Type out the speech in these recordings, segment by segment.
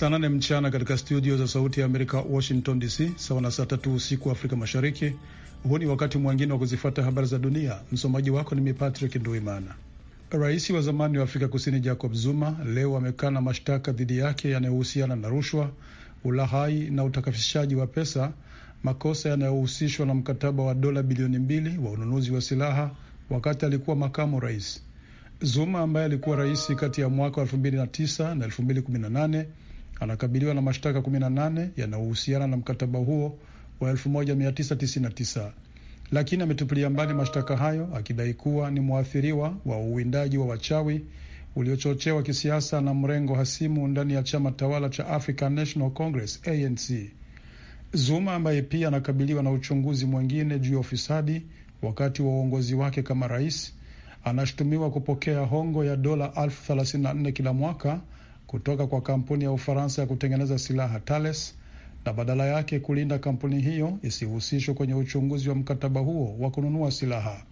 saa nane mchana katika studio za Sauti ya Amerika, Washington DC, sawa na saa tatu usiku wa Afrika Mashariki. Huu ni wakati mwingine wa kuzifuata habari za dunia. Msomaji wako ni mimi Patrick Nduimana. Rais wa zamani wa Afrika Kusini Jacob Zuma leo amekana mashtaka dhidi yake yanayohusiana na rushwa, ulahai na utakafishaji wa pesa, makosa yanayohusishwa na mkataba wa dola bilioni mbili wa ununuzi wa silaha wakati alikuwa makamu rais. Zuma ambaye alikuwa rais kati ya mwaka wa na anakabiliwa na mashtaka 18 yanayohusiana na mkataba huo wa 1999 lakini ametupilia mbali mashtaka hayo akidai kuwa ni mwathiriwa wa uwindaji wa wachawi uliochochewa kisiasa na mrengo hasimu ndani ya chama tawala cha African National Congress ANC. Zuma ambaye pia anakabiliwa na uchunguzi mwingine juu ya ufisadi wakati wa uongozi wake kama rais, anashutumiwa kupokea hongo ya dola elfu thelathini na nne kila mwaka kutoka kwa kampuni ya Ufaransa ya kutengeneza silaha Thales na badala yake kulinda kampuni hiyo isihusishwe kwenye uchunguzi wa mkataba huo wa kununua silaha.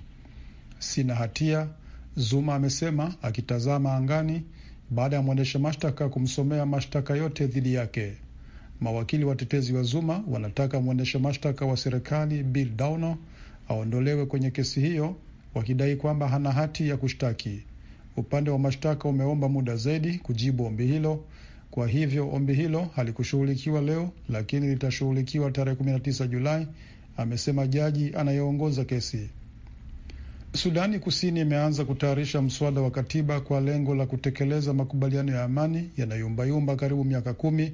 Sina hatia, Zuma amesema akitazama angani baada ya mwendesha mashtaka kumsomea mashtaka yote dhidi yake. Mawakili watetezi wa Zuma wanataka mwendesha mashtaka wa serikali Bill Downer aondolewe kwenye kesi hiyo, wakidai kwamba hana hati ya kushtaki. Upande wa mashtaka umeomba muda zaidi kujibu ombi hilo. Kwa hivyo ombi hilo halikushughulikiwa leo, lakini litashughulikiwa tarehe 19 Julai, amesema jaji anayeongoza kesi. Sudani Kusini imeanza kutayarisha mswada wa katiba kwa lengo la kutekeleza makubaliano ya amani yanayoyumbayumba karibu miaka kumi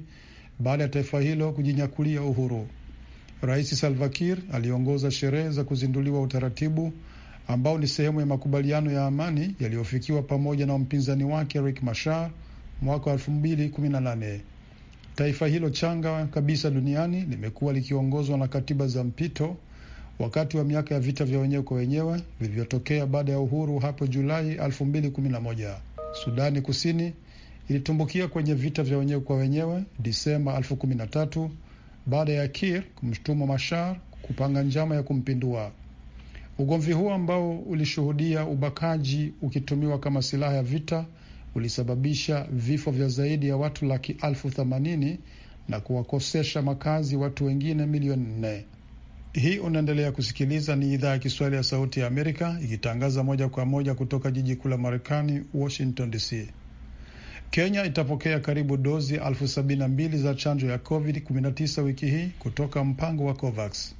baada ya taifa hilo kujinyakulia uhuru. Rais Salva Kiir aliongoza sherehe za kuzinduliwa utaratibu ambao ni sehemu ya makubaliano ya amani yaliyofikiwa pamoja na mpinzani wake Rick Machar mwaka 2018. Taifa hilo changa kabisa duniani limekuwa likiongozwa na katiba za mpito wakati wa miaka ya vita vya wenyewe kwa wenyewe vilivyotokea baada ya uhuru hapo Julai 2011. Sudani Kusini ilitumbukia kwenye vita vya wenyewe kwa wenyewe Disemba 2013 baada ya Kir kumshtuma Mashar kupanga njama ya kumpindua. Ugomvi huo ambao ulishuhudia ubakaji ukitumiwa kama silaha ya vita ulisababisha vifo vya zaidi ya watu laki alfu themanini na kuwakosesha makazi watu wengine milioni nne. Hii unaendelea kusikiliza, ni idhaa ya Kiswahili ya Sauti ya Amerika ikitangaza moja kwa moja kutoka jiji kuu la Marekani, Washington DC. Kenya itapokea karibu dozi elfu sabini na mbili za chanjo ya COVID-19 wiki hii kutoka mpango wa COVAX.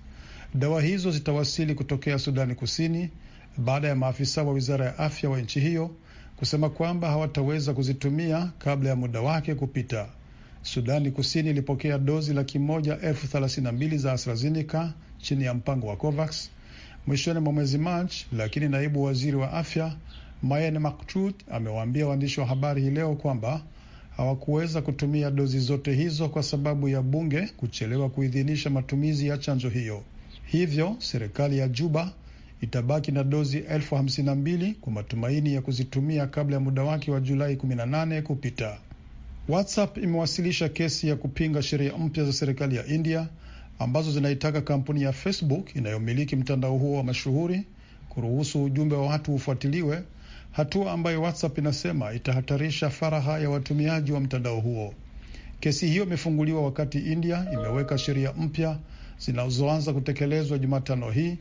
Dawa hizo zitawasili kutokea Sudani Kusini baada ya maafisa wa wizara ya afya wa nchi hiyo kusema kwamba hawataweza kuzitumia kabla ya muda wake kupita. Sudani Kusini ilipokea dozi laki moja elfu thelathini na mbili za AstraZeneca chini ya mpango wa COVAX mwishoni mwa mwezi Machi, lakini naibu waziri wa afya Mayen Maktut amewaambia waandishi wa habari hii leo kwamba hawakuweza kutumia dozi zote hizo kwa sababu ya bunge kuchelewa kuidhinisha matumizi ya chanjo hiyo. Hivyo serikali ya Juba itabaki na dozi elfu hamsini na mbili kwa matumaini ya kuzitumia kabla ya muda wake wa Julai 18 kupita. WhatsApp imewasilisha kesi ya kupinga sheria mpya za serikali ya India ambazo zinaitaka kampuni ya Facebook inayomiliki mtandao huo wa mashuhuri kuruhusu ujumbe wa watu ufuatiliwe, hatua ambayo WhatsApp inasema itahatarisha faraha ya watumiaji wa mtandao huo. Kesi hiyo imefunguliwa wakati India imeweka sheria mpya zinazoanza kutekelezwa Jumatano hii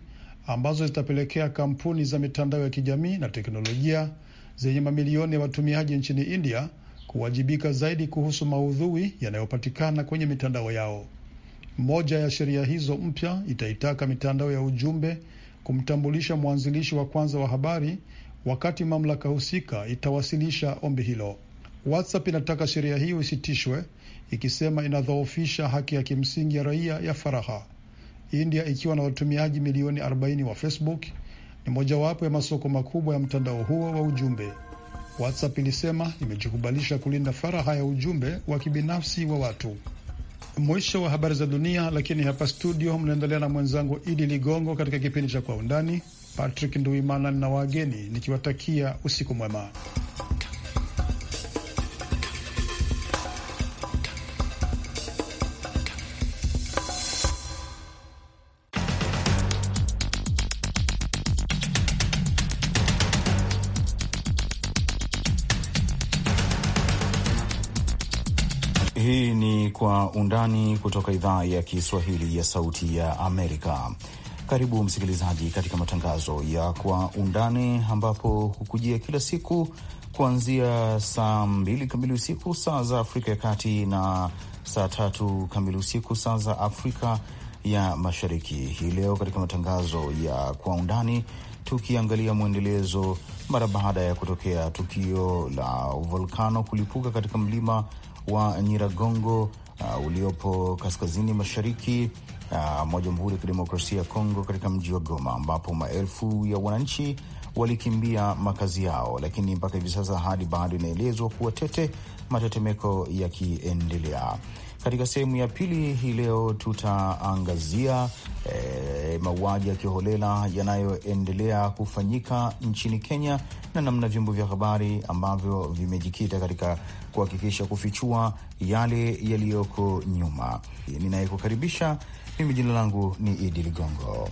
ambazo zitapelekea kampuni za mitandao ya kijamii na teknolojia zenye mamilioni ya watumiaji nchini India kuwajibika zaidi kuhusu maudhui yanayopatikana kwenye mitandao yao. Moja ya sheria hizo mpya itaitaka mitandao ya ujumbe kumtambulisha mwanzilishi wa kwanza wa habari wakati mamlaka husika itawasilisha ombi hilo. WhatsApp inataka sheria hiyo isitishwe ikisema inadhoofisha haki ya kimsingi ya raia ya faragha. India ikiwa na watumiaji milioni 40 wa Facebook ni mojawapo ya masoko makubwa ya mtandao huo wa ujumbe. WhatsApp ilisema imejikubalisha kulinda faragha ya ujumbe wa kibinafsi wa watu. Mwisho wa habari za dunia, lakini hapa studio mnaendelea na mwenzangu Idi Ligongo katika kipindi cha Kwa Undani. Patrick Nduimana na wageni nikiwatakia usiku mwema. undani kutoka idhaa ya Kiswahili ya Sauti ya Amerika. Karibu msikilizaji, katika matangazo ya Kwa Undani ambapo hukujia kila siku kuanzia saa mbili kamili usiku saa za Afrika ya Kati na saa tatu kamili usiku saa za Afrika ya Mashariki. Hii leo katika matangazo ya Kwa Undani tukiangalia mwendelezo mara baada ya kutokea tukio la volkano kulipuka katika mlima wa Nyiragongo uh, uliopo kaskazini mashariki uh, mwa Jamhuri ya Kidemokrasia ya Kongo katika mji wa Goma ambapo maelfu ya wananchi walikimbia makazi yao, lakini mpaka hivi sasa hadi bado inaelezwa kuwa tete, matetemeko yakiendelea. Katika sehemu ya pili hii leo tutaangazia e, mauaji ya kiholela yanayoendelea kufanyika nchini Kenya na namna vyombo vya habari ambavyo vimejikita katika kuhakikisha kufichua yale yaliyoko nyuma. Ninayekukaribisha mimi, jina langu ni Idi Ligongo.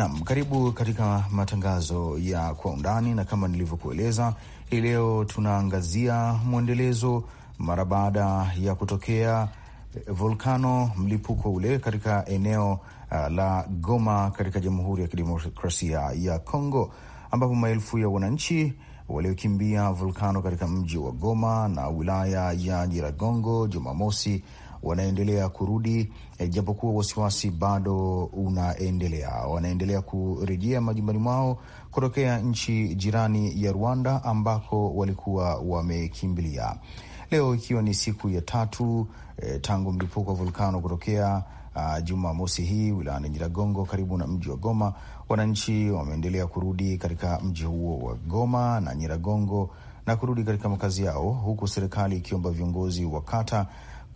Nam, karibu katika matangazo ya kwa undani, na kama nilivyokueleza, hii leo tunaangazia mwendelezo mara baada ya kutokea eh, volkano mlipuko ule katika eneo uh, la Goma katika Jamhuri ya Kidemokrasia ya Kongo, ambapo maelfu ya wananchi waliokimbia volkano katika mji wa Goma na wilaya ya Nyiragongo Jumamosi wanaendelea kurudi e, japokuwa wasiwasi bado unaendelea. Wanaendelea kurejea majumbani mwao kutokea nchi jirani ya Rwanda ambako walikuwa wamekimbilia. Leo ikiwa ni siku ya tatu e, tangu mlipuko wa volkano kutokea Uh, Jumamosi hii wilayani Nyiragongo karibu na mji wa Goma, wananchi wameendelea kurudi katika mji huo wa Goma na Nyiragongo na kurudi katika makazi yao, huku serikali ikiomba viongozi wa kata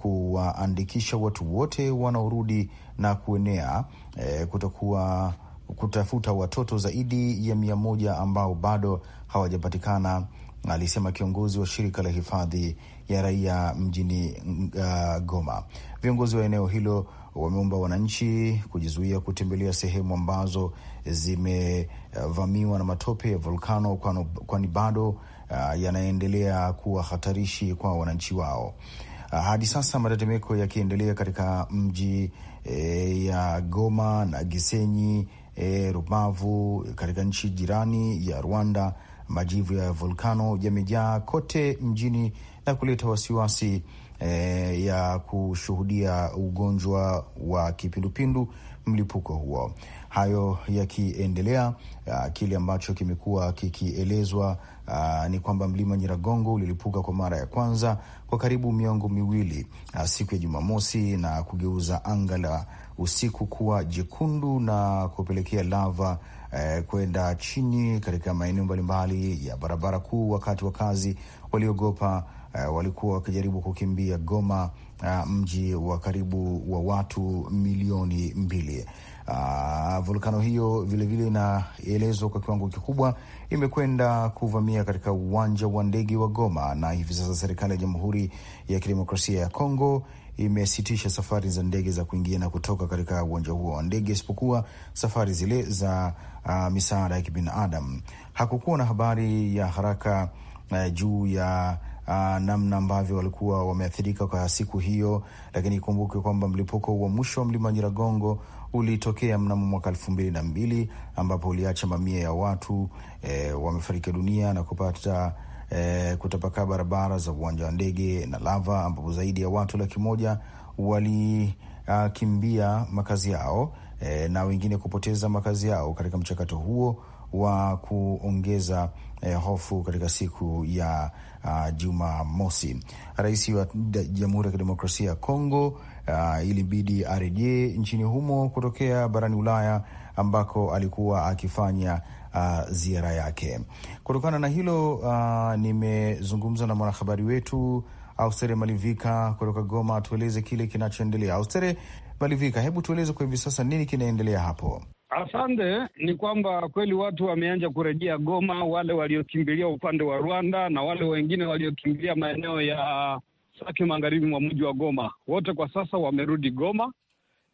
kuwaandikisha watu wote wanaorudi na kuenea e, eh, kutokuwa kutafuta watoto zaidi ya mia moja ambao bado hawajapatikana, alisema kiongozi wa shirika la hifadhi ya raia mjini uh, Goma. Viongozi wa eneo hilo wameomba wananchi kujizuia kutembelea sehemu ambazo zimevamiwa uh, na matope ya volkano, kwani bado uh, yanaendelea kuwa hatarishi kwa wananchi wao. Ah, hadi sasa matetemeko yakiendelea katika mji e, ya Goma na Gisenyi e, Rubavu katika nchi jirani ya Rwanda. Majivu ya volkano yamejaa kote mjini na kuleta wasiwasi e, ya kushuhudia ugonjwa wa kipindupindu mlipuko huo. Hayo yakiendelea, ah, kile ambacho kimekuwa kikielezwa uh, ni kwamba mlima Nyiragongo ulilipuka kwa mara ya kwanza kwa karibu miongo miwili uh, siku ya Jumamosi na kugeuza anga la usiku kuwa jekundu na kupelekea lava uh, kwenda chini katika maeneo mbalimbali ya barabara kuu, wakati wakazi waliogopa uh, walikuwa wakijaribu kukimbia Goma, uh, mji wa karibu wa watu milioni mbili. Ah, volkano hiyo vilevile inaelezwa kwa kiwango kikubwa imekwenda kuvamia katika uwanja wa ndege wa Goma, na hivi sasa serikali ya Jamhuri ya Kidemokrasia ya Kongo imesitisha safari za ndege za kuingia na kutoka katika uwanja huo wa ndege isipokuwa safari zile za uh, misaada ya kibinadamu. Hakukuwa na habari ya haraka uh, juu ya Uh, namna ambavyo walikuwa wameathirika kwa siku hiyo, lakini ikumbuke kwamba mlipuko wa mwisho wa mlima Nyiragongo ulitokea mnamo mwaka elfu mbili na mbili ambapo uliacha mamia ya watu e, wamefariki dunia na kupata e, kutapakaa barabara za uwanja wa ndege na lava ambapo zaidi ya watu laki moja walikimbia makazi yao e, na wengine kupoteza makazi yao katika mchakato huo wa kuongeza eh, hofu katika siku ya uh, Jumamosi. Rais wa Jamhuri ya Kidemokrasia ya Kongo uh, ilibidi arejee nchini humo kutokea barani Ulaya ambako alikuwa akifanya uh, ziara yake. Kutokana na hilo uh, nimezungumza na mwanahabari wetu Austere Malivika kutoka Goma, tueleze kile kinachoendelea. Austere Malivika, hebu tueleze kwa hivi sasa nini kinaendelea hapo? Asante. Ni kwamba kweli watu wameanza kurejea Goma, wale waliokimbilia upande wa Rwanda na wale wengine waliokimbilia maeneo ya Sake, magharibi mwa mji wa Goma. Wote kwa sasa wamerudi Goma,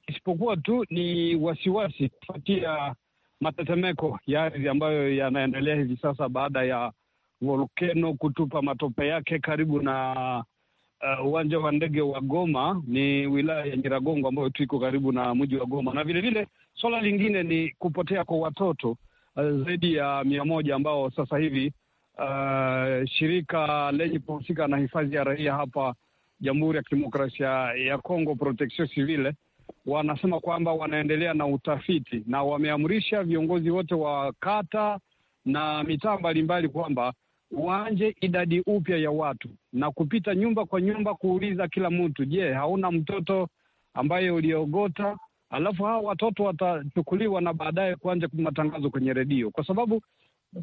isipokuwa tu ni wasiwasi kufuatia matetemeko ya ardhi ambayo yanaendelea hivi sasa baada ya volkeno kutupa matope yake karibu na Eh, uwanja uh, wa ndege wa Goma ni wilaya ya Nyiragongo ambayo tuko karibu na mji wa Goma, na vilevile swala lingine ni kupotea kwa watoto uh, zaidi ya mia moja ambao sasa hivi uh, shirika lenye kuhusika na hifadhi ya raia hapa Jamhuri ya Kidemokrasia ya Kongo, Protection Civile, wanasema kwamba wanaendelea na utafiti na wameamrisha viongozi wote wa kata na mitaa mbalimbali kwamba waanje idadi upya ya watu na kupita nyumba kwa nyumba kuuliza kila mtu, je, hauna mtoto ambaye uliogota? Alafu hawa watoto watachukuliwa na baadaye kuanja matangazo kwenye redio, kwa sababu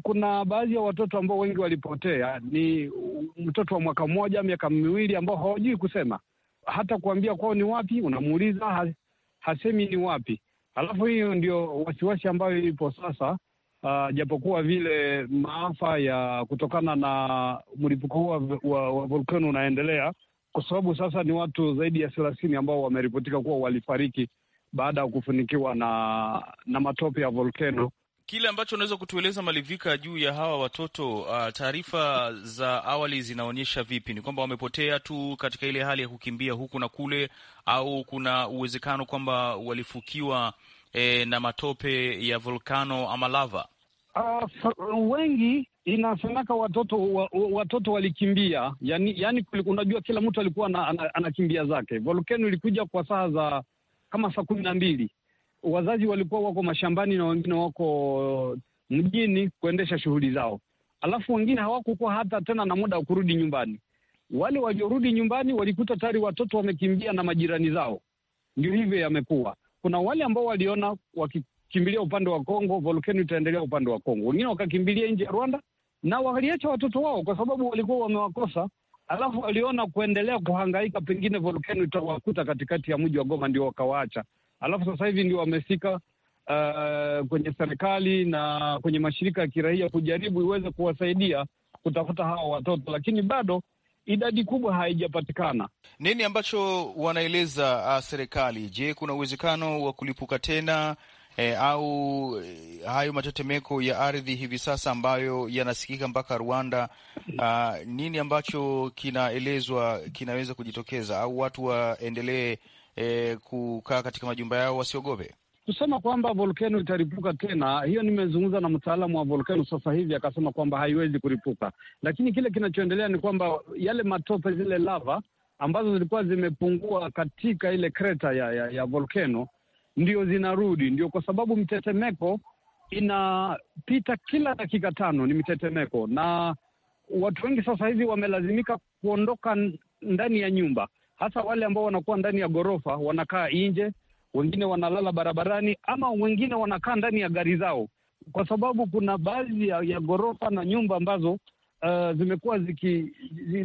kuna baadhi ya watoto ambao wengi walipotea ni mtoto wa mwaka mmoja, miaka miwili, ambao hawajui kusema hata kuambia kwao ni wapi, unamuuliza hasemi ni wapi. Alafu hiyo ndio wasiwasi ambayo ipo sasa Uh, japokuwa vile maafa ya kutokana na mlipuko huu wa, wa volkano unaendelea, kwa sababu sasa ni watu zaidi ya thelathini ambao wameripotika kuwa walifariki baada ya kufunikiwa na, na matope ya volkano. Kile ambacho unaweza kutueleza Malivika juu ya hawa watoto uh, taarifa za awali zinaonyesha vipi? Ni kwamba wamepotea tu katika ile hali ya kukimbia huku na kule, au kuna uwezekano kwamba walifukiwa e, na matope ya volkano ama lava? Uh, wengi inasemeka watoto wa, watoto walikimbia yani, yani unajua kila mtu alikuwa anakimbia zake. Volkano ilikuja kwa saa za kama saa kumi na mbili. Wazazi walikuwa wako mashambani na wengine wako mjini kuendesha shughuli zao, alafu wengine hawakukuwa hata tena na muda wa kurudi nyumbani. Wale waliorudi nyumbani walikuta tayari watoto wamekimbia na majirani zao. Ndio hivyo yamekuwa kuna wale ambao waliona wakikimbilia upande wa Kongo volkeno itaendelea upande wa Kongo, wengine wakakimbilia nje ya Rwanda na waliacha watoto wao kwa sababu walikuwa wamewakosa. Alafu waliona kuendelea kuhangaika, pengine volkeno itawakuta katikati ya mji wa Goma, ndio wakawaacha. Alafu sasa hivi ndio wamefika uh, kwenye serikali na kwenye mashirika ya kiraia kujaribu iweze kuwasaidia kutafuta hawa watoto, lakini bado idadi kubwa haijapatikana. Nini ambacho wanaeleza uh, serikali? Je, kuna uwezekano wa kulipuka tena e, au eh, hayo matetemeko ya ardhi hivi sasa ambayo yanasikika mpaka Rwanda? A, uh, nini ambacho kinaelezwa kinaweza kujitokeza, au watu waendelee eh, kukaa katika majumba yao wasiogope? Kusema kwamba volkeno itaripuka tena, hiyo nimezungumza na mtaalamu wa volkeno sasa hivi akasema kwamba haiwezi kuripuka, lakini kile kinachoendelea ni kwamba yale matope, zile lava ambazo zilikuwa zimepungua katika ile kreta ya, ya, ya volkeno ndio zinarudi. Ndio kwa sababu mtetemeko inapita kila dakika tano, ni mtetemeko na watu wengi sasa hivi wamelazimika kuondoka ndani ya nyumba, hasa wale ambao wanakuwa ndani ya ghorofa, wanakaa nje wengine wanalala barabarani, ama wengine wanakaa ndani ya gari zao, kwa sababu kuna baadhi ya, ya ghorofa na nyumba ambazo uh, zimekuwa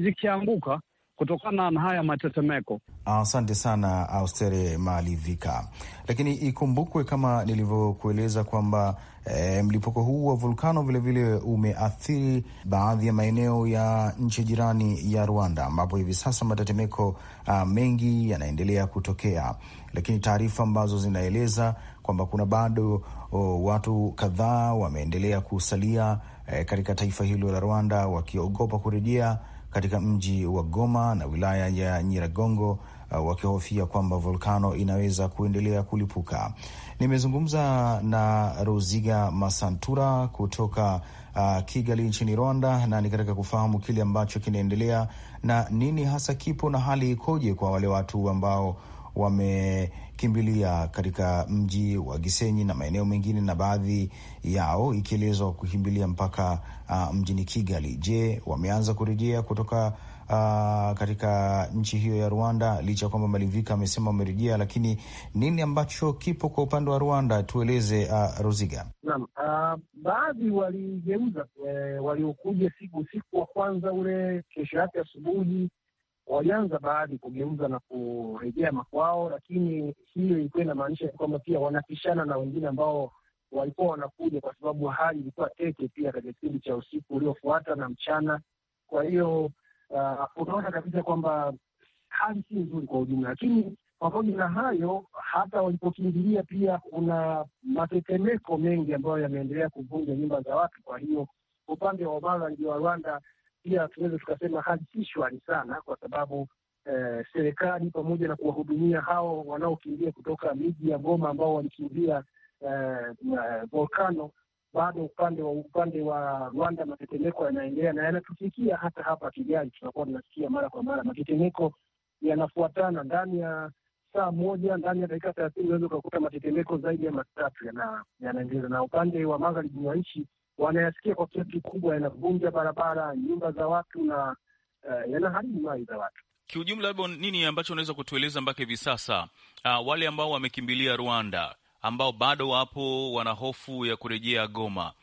zikianguka ziki kutokana na haya matetemeko. Asante sana Austere Malivika, lakini ikumbukwe kama nilivyokueleza kwamba e, mlipuko huu wa volkano vilevile umeathiri baadhi ya maeneo ya nchi jirani ya Rwanda, ambapo hivi sasa matetemeko ah, mengi yanaendelea kutokea lakini taarifa ambazo zinaeleza kwamba kuna bado o, watu kadhaa wameendelea kusalia e, katika taifa hilo la Rwanda wakiogopa kurejea katika mji wa Goma na wilaya ya Nyiragongo uh, wakihofia kwamba volkano inaweza kuendelea kulipuka. Nimezungumza na Roziga Masantura kutoka uh, Kigali nchini Rwanda, na nikataka kufahamu kile ambacho kinaendelea na nini hasa kipo na hali ikoje kwa wale watu ambao wamekimbilia katika mji wa Gisenyi na maeneo mengine, na baadhi yao ikielezwa kukimbilia mpaka uh, mjini Kigali. Je, wameanza kurejea kutoka Uh, katika nchi hiyo ya Rwanda licha ya kwamba Malivika amesema wamerejea, lakini nini ambacho kipo kwa upande wa Rwanda? Tueleze uh, Roziga. Naam, uh, baadhi waligeuza, eh, waliokuja siku usiku wa kwanza ule, kesho yake asubuhi walianza baadhi kugeuza na kurejea makwao, lakini hiyo ilikuwa inamaanisha kwamba pia wanapishana na wengine ambao walikuwa wanakuja, kwa sababu hali ilikuwa tete pia katika kipindi cha usiku uliofuata na mchana. Kwa hiyo uh, unaona kabisa kwamba hali si nzuri kwa ujumla, lakini pamoja na hayo, hata walipokimbilia pia kuna matetemeko mengi ambayo yameendelea kuvunja nyumba za watu. Kwa hiyo upande wa Obala ndio wa Rwanda pia tunaweza tukasema hali sana, kwa sababu eh, serikali pamoja na kuwahudumia hao wanaokimbia kutoka miji ya Goma ambao walikimbia eh, volkano bado upande wa upande wa Rwanda matetemeko yanaendelea na yanatufikia hata hapa Kigali, tunakuwa tunasikia mara kwa mara matetemeko yanafuatana. Ndani ya saa moja, ndani ya dakika thelathini unaweza ukakuta matetemeko zaidi ya matatu yanaendelea. Na upande wa magharibi wa nchi wanayasikia kwa kiasi kikubwa, yanavunja barabara, nyumba za watu na uh, eh, yanaharibu mali za watu kiujumla. Labda nini ambacho unaweza kutueleza mpaka hivi sasa, uh, wale ambao wamekimbilia Rwanda ambao bado wapo wana hofu ya kurejea Goma,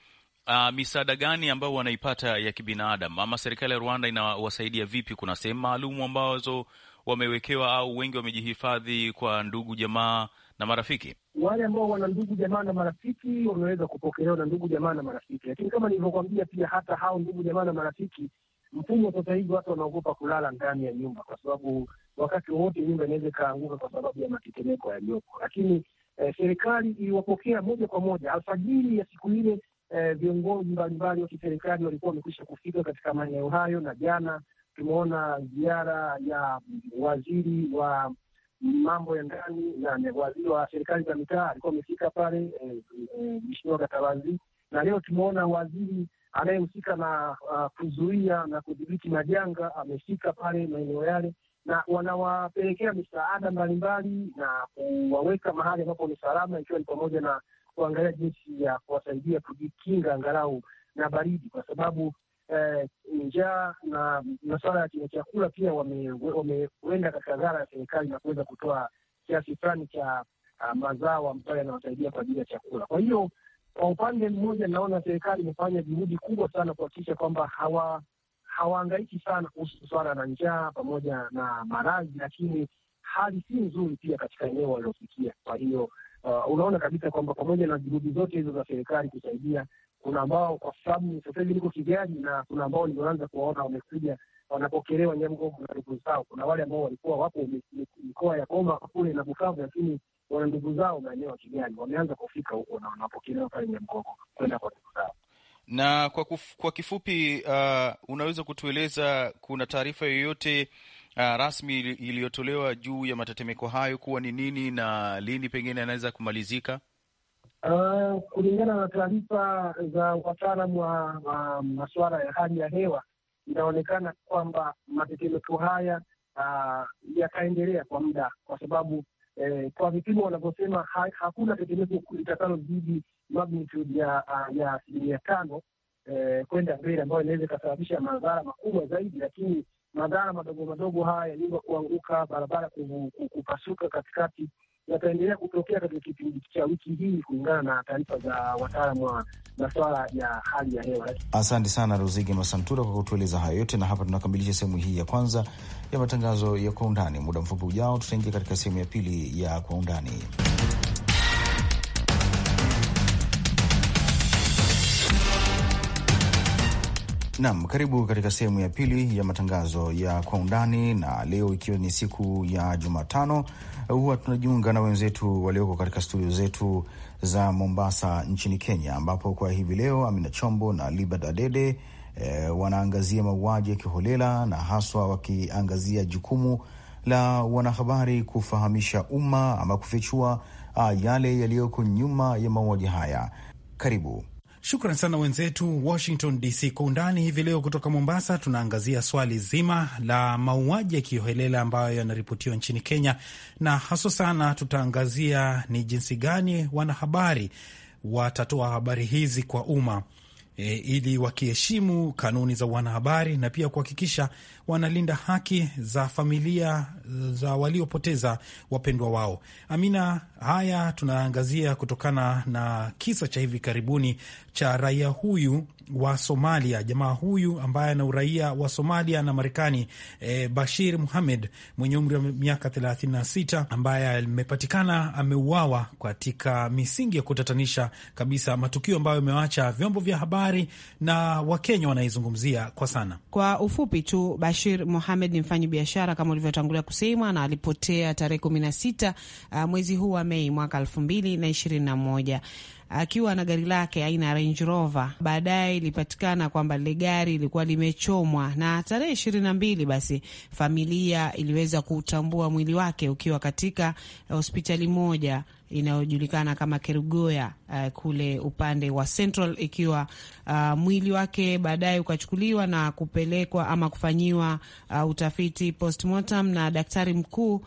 uh, misaada gani ambayo wanaipata ya kibinadamu, ama serikali ya Rwanda inawasaidia vipi? Kuna sehemu maalum ambazo wamewekewa au wengi wamejihifadhi kwa ndugu jamaa na marafiki. Wale ambao wana ndugu jamaa na marafiki wameweza kupokelewa na ndugu jamaa na marafiki, lakini kama nilivyokwambia, pia hata hao ndugu jamaa na marafiki, mfumo sasa hivi watu wanaogopa kulala ndani ya nyumba, kwa sababu wakati wowote nyumba inaweza ikaanguka kwa sababu ya matetemeko yaliyopo. Lakini eh, serikali iliwapokea moja kwa moja alfajiri ya siku ile. Eh, viongozi mbalimbali wa kiserikali walikuwa wamekwisha kufika katika maeneo hayo, na jana tumeona ziara ya waziri wa mambo ya ndani na waziri wa serikali za mitaa alikuwa amefika pale, eh, eh, Mheshimiwa e, e, Gatabazi, na leo tumeona waziri anayehusika na uh, kuzuia na kudhibiti majanga amefika pale maeneo yale, na wanawapelekea misaada mbalimbali na kuwaweka mahali ambapo ni salama, ikiwa ni pamoja na kuangalia jinsi ya kuwasaidia kujikinga angalau na baridi, kwa sababu eh, njaa na masuala ya chakula pia wameenda wame katika zara ya serikali na kuweza kutoa kiasi fulani cha uh, mazao ambayo yanawasaidia kwa ajili ya chakula. Kwa hiyo kwa upande mmoja, naona serikali imefanya juhudi kubwa sana kuhakikisha kwamba hawa hawaangaiki sana kuhusu suala la njaa pamoja na maradhi, lakini hali si nzuri pia katika eneo waliofikia. Kwa hiyo uh, unaona kabisa kwamba pamoja na juhudi zote hizo za serikali kusaidia, kuna ambao kwa sababu sasa hivi niko kijani, na kuna ambao nilioanza kuwaona wamekuja wanapokelewa Nyamgogo na ndugu zao. Kuna wale ambao walikuwa wapo mikoa ya Goma kule na Bukavu, lakini wana ndugu zao maeneo ya kijani wameanza kufika huko na wanapokelewa pale Nyamgogo kwenda kwa ndugu zao. Na kwa, kuf, kwa kifupi uh, unaweza kutueleza kuna taarifa yoyote uh, rasmi iliyotolewa juu ya matetemeko hayo kuwa ni nini na lini pengine yanaweza kumalizika? Ah, kulingana na taarifa za wataalamu wa, wa masuala ya hali ya hewa inaonekana kwamba matetemeko haya uh, yataendelea kwa muda, kwa sababu eh, kwa vipimo wanavyosema ha, hakuna tetemeko zidi magnitude ya ya asilimia tano eh, kwenda mbele, ambayo inaweza ikasababisha madhara makubwa zaidi, lakini madhara madogo madogo haya ya nyumba kuanguka, barabara kupasuka katikati yataendelea kutokea katika kipindi cha wiki hii kulingana na taarifa za wataalamu wa masuala ya hali ya hewa. Asante sana Ruzigi Masantura kwa kutueleza hayo yote, na hapa tunakamilisha sehemu hii ya kwanza ya matangazo ya kwa undani. Muda mfupi ujao, tutaingia katika sehemu ya pili ya kwa undani. Nam, karibu katika sehemu ya pili ya matangazo ya kwa undani, na leo ikiwa ni siku ya Jumatano, huwa tunajiunga na wenzetu walioko katika studio zetu za Mombasa nchini Kenya, ambapo kwa hivi leo Amina Chombo na Libert Adede e, wanaangazia mauaji ya kiholela na haswa wakiangazia jukumu la wanahabari kufahamisha umma ama kufichua ah, yale yaliyoko nyuma ya mauaji haya. Karibu. Shukran sana wenzetu Washington DC. Kwa undani hivi leo kutoka Mombasa, tunaangazia swali zima la mauaji ya kiholela ambayo yanaripotiwa nchini Kenya, na haswa sana tutaangazia ni jinsi gani wanahabari watatoa habari hizi kwa umma e, ili wakiheshimu kanuni za wanahabari na pia kuhakikisha wanalinda haki za familia za waliopoteza wapendwa wao. Amina, haya tunaangazia kutokana na kisa cha hivi karibuni cha raia huyu wa Somalia, jamaa huyu ambaye ana uraia wa Somalia na Marekani e, Bashir Muhamed mwenye umri wa miaka 36 ambaye amepatikana ameuawa katika misingi ya kutatanisha kabisa, matukio ambayo yamewacha vyombo vya habari na Wakenya wanaizungumzia kwa sana. Kwa ufupi tu Bashir Bashir Mohamed ni mfanyi biashara kama ulivyotangulia kusema, na alipotea tarehe kumi na sita uh, mwezi huu wa Mei mwaka elfu mbili na ishirini na moja akiwa na gari lake aina ya Range Rover. Baadaye ilipatikana kwamba lile gari ilikuwa limechomwa, na tarehe ishirini na mbili basi familia iliweza kutambua mwili wake ukiwa katika hospitali moja inayojulikana kama Kerugoya uh, kule upande wa Central, ikiwa uh, mwili wake baadaye ukachukuliwa na kupelekwa ama kufanyiwa uh, utafiti postmortem na daktari mkuu uh,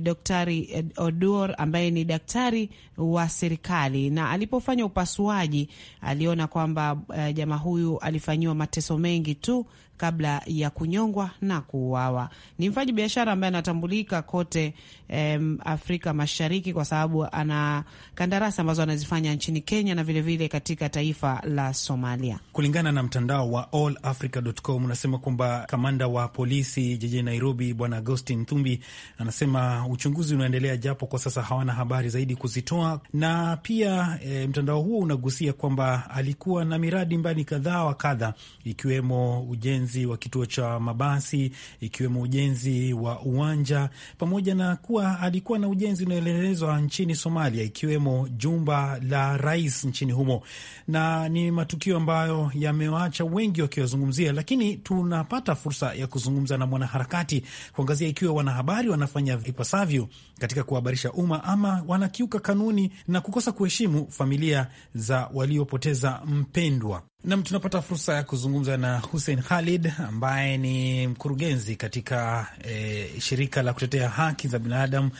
Daktari Oduor ambaye ni daktari wa serikali, na alipofanya upasuaji aliona kwamba uh, jamaa huyu alifanyiwa mateso mengi tu kabla ya kunyongwa na kuuawa. Ni mfanyi biashara ambaye anatambulika kote um, Afrika Mashariki kwa sababu ana kandarasi ambazo anazifanya nchi nchini Kenya na vilevile vile katika taifa la Somalia. Kulingana na mtandao wa allafrica.com unasema kwamba kamanda wa polisi jijini Nairobi Bwana Agostin thumbi anasema uchunguzi unaendelea, japo kwa sasa hawana habari zaidi kuzitoa. Na pia e, mtandao huo unagusia kwamba alikuwa na miradi mbali kadhaa wa kadha, ikiwemo ujenzi wa kituo cha mabasi, ikiwemo ujenzi wa uwanja, pamoja na kuwa alikuwa na ujenzi unaoelelezwa nchini Somalia, ikiwemo jumba la rais nchini humo, na ni matukio ambayo yamewaacha wengi wakiwazungumzia, lakini tunapata fursa ya kuzungumza na mwanaharakati kuangazia ikiwa wanahabari wanafanya ipasavyo katika kuhabarisha umma ama wanakiuka kanuni na kukosa kuheshimu familia za waliopoteza mpendwa. Nam, tunapata fursa ya kuzungumza na Hussein Khalid ambaye ni mkurugenzi katika e, shirika la kutetea haki za binadamu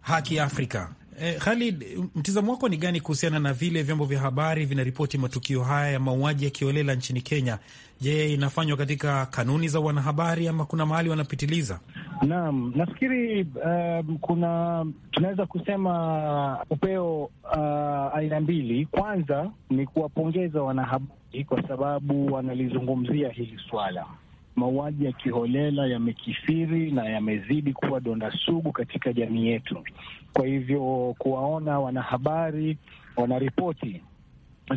Haki Afrika. Eh, Khalid, mtizamo wako ni gani kuhusiana na vile vyombo vya habari vinaripoti matukio haya ya mauaji ya kiolela nchini Kenya? Je, inafanywa katika kanuni za wanahabari ama kuna mahali wanapitiliza? Naam, nafikiri um, kuna tunaweza kusema upeo uh, aina mbili. Kwanza ni kuwapongeza wanahabari kwa sababu wanalizungumzia hili swala mauaji ya kiholela yamekithiri na yamezidi kuwa donda sugu katika jamii yetu. Kwa hivyo kuwaona wanahabari wanaripoti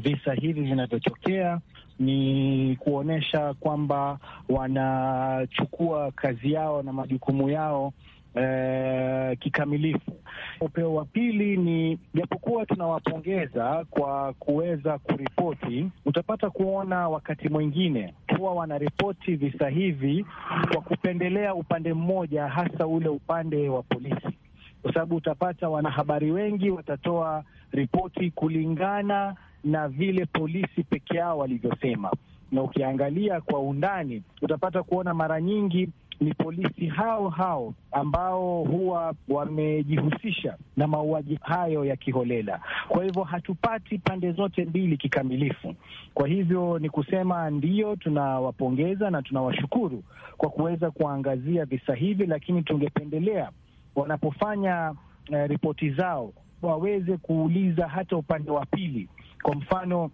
visa hivi vinavyotokea ni kuonyesha kwamba wanachukua kazi yao na majukumu yao eh, kikamilifu. Upeo wa pili ni japokuwa tunawapongeza kwa kuweza kuripoti, utapata kuona wakati mwingine huwa wanaripoti visa hivi kwa kupendelea upande mmoja, hasa ule upande wa polisi, kwa sababu utapata wanahabari wengi watatoa ripoti kulingana na vile polisi peke yao walivyosema, na ukiangalia kwa undani utapata kuona mara nyingi ni polisi hao hao ambao huwa wamejihusisha na mauaji hayo ya kiholela. Kwa hivyo hatupati pande zote mbili kikamilifu. Kwa hivyo ni kusema ndiyo, tunawapongeza na tunawashukuru kwa kuweza kuangazia visa hivi, lakini tungependelea wanapofanya uh, ripoti zao waweze kuuliza hata upande wa pili, kwa mfano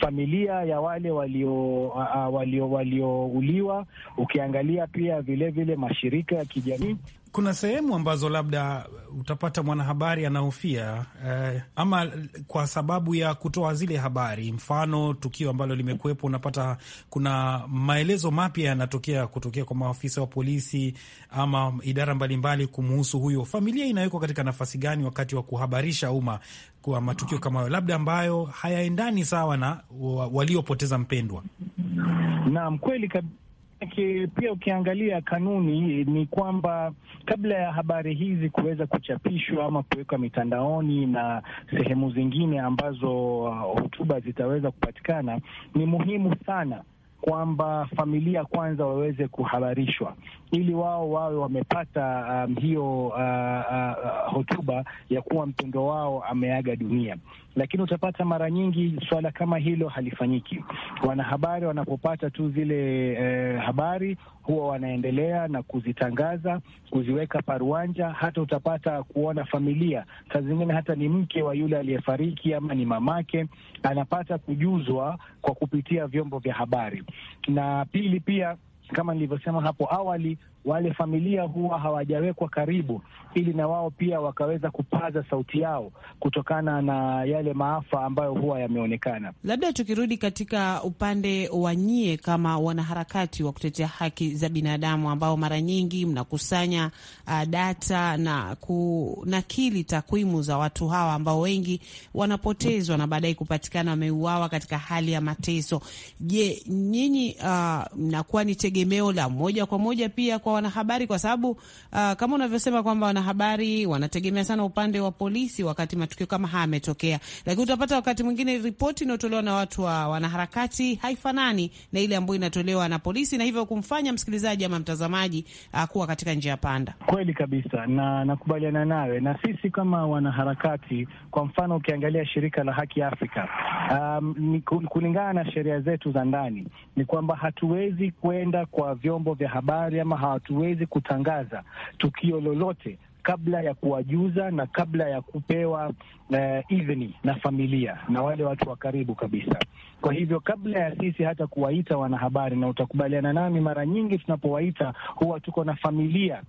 familia ya wale walio waliouliwa walio ukiangalia pia vilevile vile mashirika ya kijamii kuna sehemu ambazo labda utapata mwanahabari anahofia eh, ama kwa sababu ya kutoa zile habari. Mfano tukio ambalo limekuwepo, unapata kuna maelezo mapya yanatokea kutokea kwa maafisa wa polisi ama idara mbalimbali kumuhusu huyo. Familia inawekwa katika nafasi gani wakati wa kuhabarisha umma kwa matukio kama hayo, labda ambayo hayaendani sawa na waliopoteza mpendwa? Naam, kweli kabisa. Manake pia ukiangalia kanuni ni kwamba kabla ya habari hizi kuweza kuchapishwa ama kuwekwa mitandaoni na sehemu zingine ambazo uh, hotuba zitaweza kupatikana, ni muhimu sana kwamba familia kwanza waweze kuhabarishwa ili wao wawe wamepata um, hiyo uh, uh, hotuba ya kuwa mpendo wao ameaga dunia. Lakini utapata mara nyingi swala kama hilo halifanyiki. Wanahabari wanapopata tu zile eh, habari huwa wanaendelea na kuzitangaza, kuziweka paruanja. Hata utapata kuona familia saa zingine, hata ni mke wa yule aliyefariki ama ni mamake, anapata kujuzwa kwa kupitia vyombo vya habari na pili, pia kama nilivyosema hapo awali, wale familia huwa hawajawekwa karibu, ili na wao pia wakaweza kupaza sauti yao kutokana na yale maafa ambayo huwa yameonekana. Labda tukirudi katika upande wa nyie kama wanaharakati wa kutetea haki za binadamu, ambao mara nyingi mnakusanya uh, data na kunakili takwimu za watu hawa ambao wengi wanapotezwa na baadaye kupatikana wameuawa katika hali ya mateso. Je, nyinyi uh, mnakuwa ni tegemeo la moja kwa moja pia kwa wanahabari, kwa sababu uh, kama unavyosema kwamba wanahabari wanategemea sana upande wa polisi wakati matukio kama haya yametokea, lakini utapata wakati mwingine ripoti inayotolewa na watu wa wanaharakati haifanani na ile ambayo inatolewa na polisi, na hivyo kumfanya msikilizaji ama mtazamaji uh, kuwa katika njia panda. Kweli kabisa, na nakubaliana nawe, na sisi kama wanaharakati, kwa mfano ukiangalia shirika la Haki Afrika, um, kulingana na sheria zetu za ndani ni kwamba hatuwezi kwenda kwa vyombo vya habari ama hatuwezi kutangaza tukio lolote kabla ya kuwajuza na kabla ya kupewa uh, idhini na familia na wale watu wa karibu kabisa. Kwa hivyo kabla ya sisi hata kuwaita wanahabari, na utakubaliana nami, mara nyingi tunapowaita huwa tuko na familia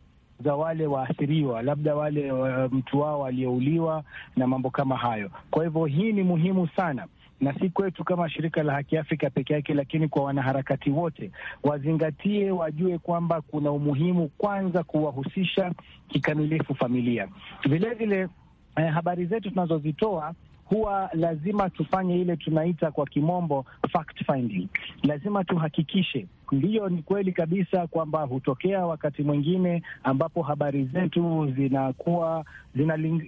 za wale waathiriwa, labda wale uh, mtu wao aliyeuliwa na mambo kama hayo. Kwa hivyo hii ni muhimu sana na si kwetu kama shirika la Haki Afrika peke yake, lakini kwa wanaharakati wote wazingatie, wajue kwamba kuna umuhimu kwanza kuwahusisha kikamilifu familia. Vilevile eh, habari zetu tunazozitoa huwa lazima tufanye ile tunaita kwa kimombo fact finding. Lazima tuhakikishe ndiyo, ni kweli kabisa kwamba hutokea wakati mwingine ambapo habari zetu zinakuwa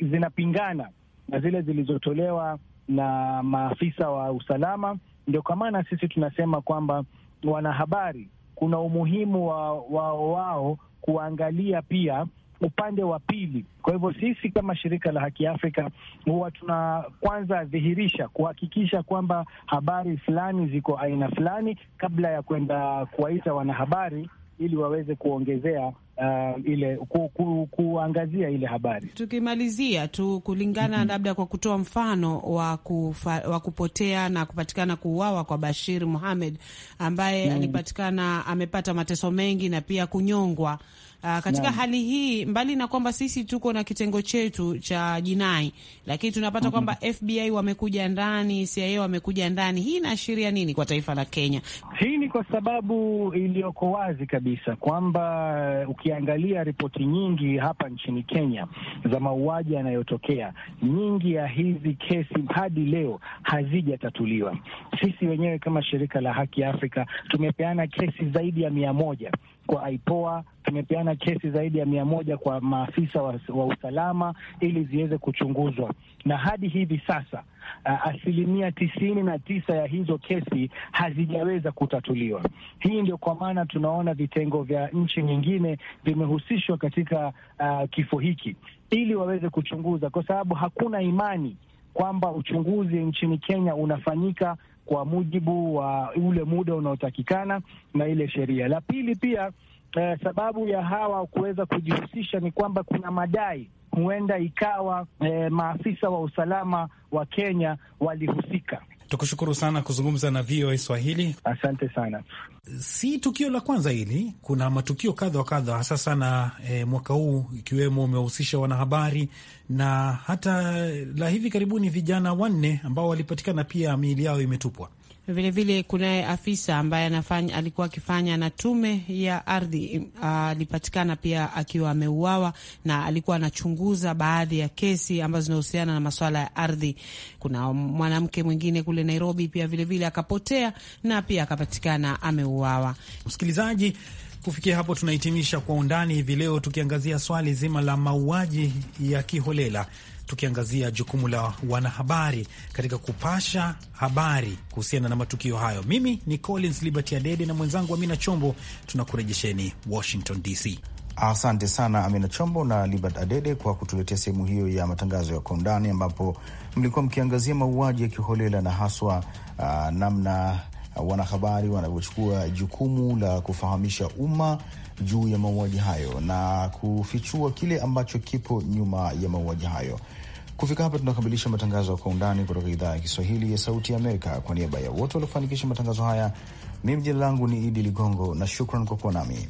zinapingana zina na zile zilizotolewa na maafisa wa usalama. Ndio kwa maana sisi tunasema kwamba wanahabari, kuna umuhimu wa wao wao kuangalia pia upande wa pili. Kwa hivyo sisi kama shirika la Haki Afrika huwa tuna kwanza dhihirisha kuhakikisha kwamba habari fulani ziko aina fulani, kabla ya kwenda kuwaita wanahabari ili waweze kuongezea uh, ile ku, ku, kuangazia ile habari. Tukimalizia tu kulingana mm -hmm. labda kwa kutoa mfano wa, kufa, wa kupotea na kupatikana kuuawa kwa Bashir Muhammad ambaye mm. alipatikana amepata mateso mengi na pia kunyongwa. Uh, katika na hali hii, mbali na kwamba sisi tuko na kitengo chetu cha jinai, lakini tunapata mm -hmm. kwamba FBI wamekuja ndani, CIA wamekuja ndani. Hii inaashiria nini kwa taifa la Kenya? Hii ni kwa sababu iliyoko wazi kabisa kwamba ukiangalia ripoti nyingi hapa nchini Kenya za mauaji yanayotokea, nyingi ya hizi kesi hadi leo hazijatatuliwa. Sisi wenyewe kama shirika la Haki Afrika tumepeana kesi zaidi ya mia moja kwa IPOA tumepeana kesi zaidi ya mia moja kwa maafisa wa, wa usalama ili ziweze kuchunguzwa, na hadi hivi sasa uh, asilimia tisini na tisa ya hizo kesi hazijaweza kutatuliwa. Hii ndio kwa maana tunaona vitengo vya nchi nyingine vimehusishwa katika uh, kifo hiki ili waweze kuchunguza, kwa sababu hakuna imani kwamba uchunguzi nchini Kenya unafanyika kwa mujibu wa ule muda unaotakikana na ile sheria. La pili pia eh, sababu ya hawa kuweza kujihusisha ni kwamba kuna madai huenda ikawa eh, maafisa wa usalama wa Kenya walihusika. Tukushukuru sana kuzungumza na VOA Swahili. Asante sana. Si tukio la kwanza hili, kuna matukio kadha wa kadha, hasa sana e, mwaka huu ikiwemo umewahusisha wanahabari na hata la hivi karibuni vijana wanne ambao walipatikana pia miili yao imetupwa. Vilevile kunaye afisa ambaye anafanya, alikuwa akifanya na tume ya ardhi alipatikana pia akiwa ameuawa, na alikuwa anachunguza baadhi ya kesi ambazo zinahusiana na masuala ya ardhi. Kuna mwanamke mwingine kule Nairobi pia vilevile akapotea na pia akapatikana ameuawa. Msikilizaji, Kufikia hapo tunahitimisha Kwa Undani hivi leo, tukiangazia swali zima la mauaji ya kiholela tukiangazia jukumu la wanahabari katika kupasha habari kuhusiana na matukio hayo. Mimi ni Collins Liberty Adede na mwenzangu Amina Chombo, tunakurejesheni Washington DC. Asante sana Amina Chombo na Libert Adede kwa kutuletea sehemu hiyo ya matangazo ya kwa undani, ambapo mlikuwa mkiangazia mauaji ya kiholela na haswa uh, namna wanahabari wanavyochukua jukumu la kufahamisha umma juu ya mauaji hayo na kufichua kile ambacho kipo nyuma ya mauaji hayo. Kufika hapa tunakamilisha matangazo ya Kwa Undani kutoka idhaa ya Kiswahili ya Sauti ya Amerika. Kwa niaba ya wote waliofanikisha matangazo haya, mimi jina langu ni Idi Ligongo na shukran kwa kuwa nami.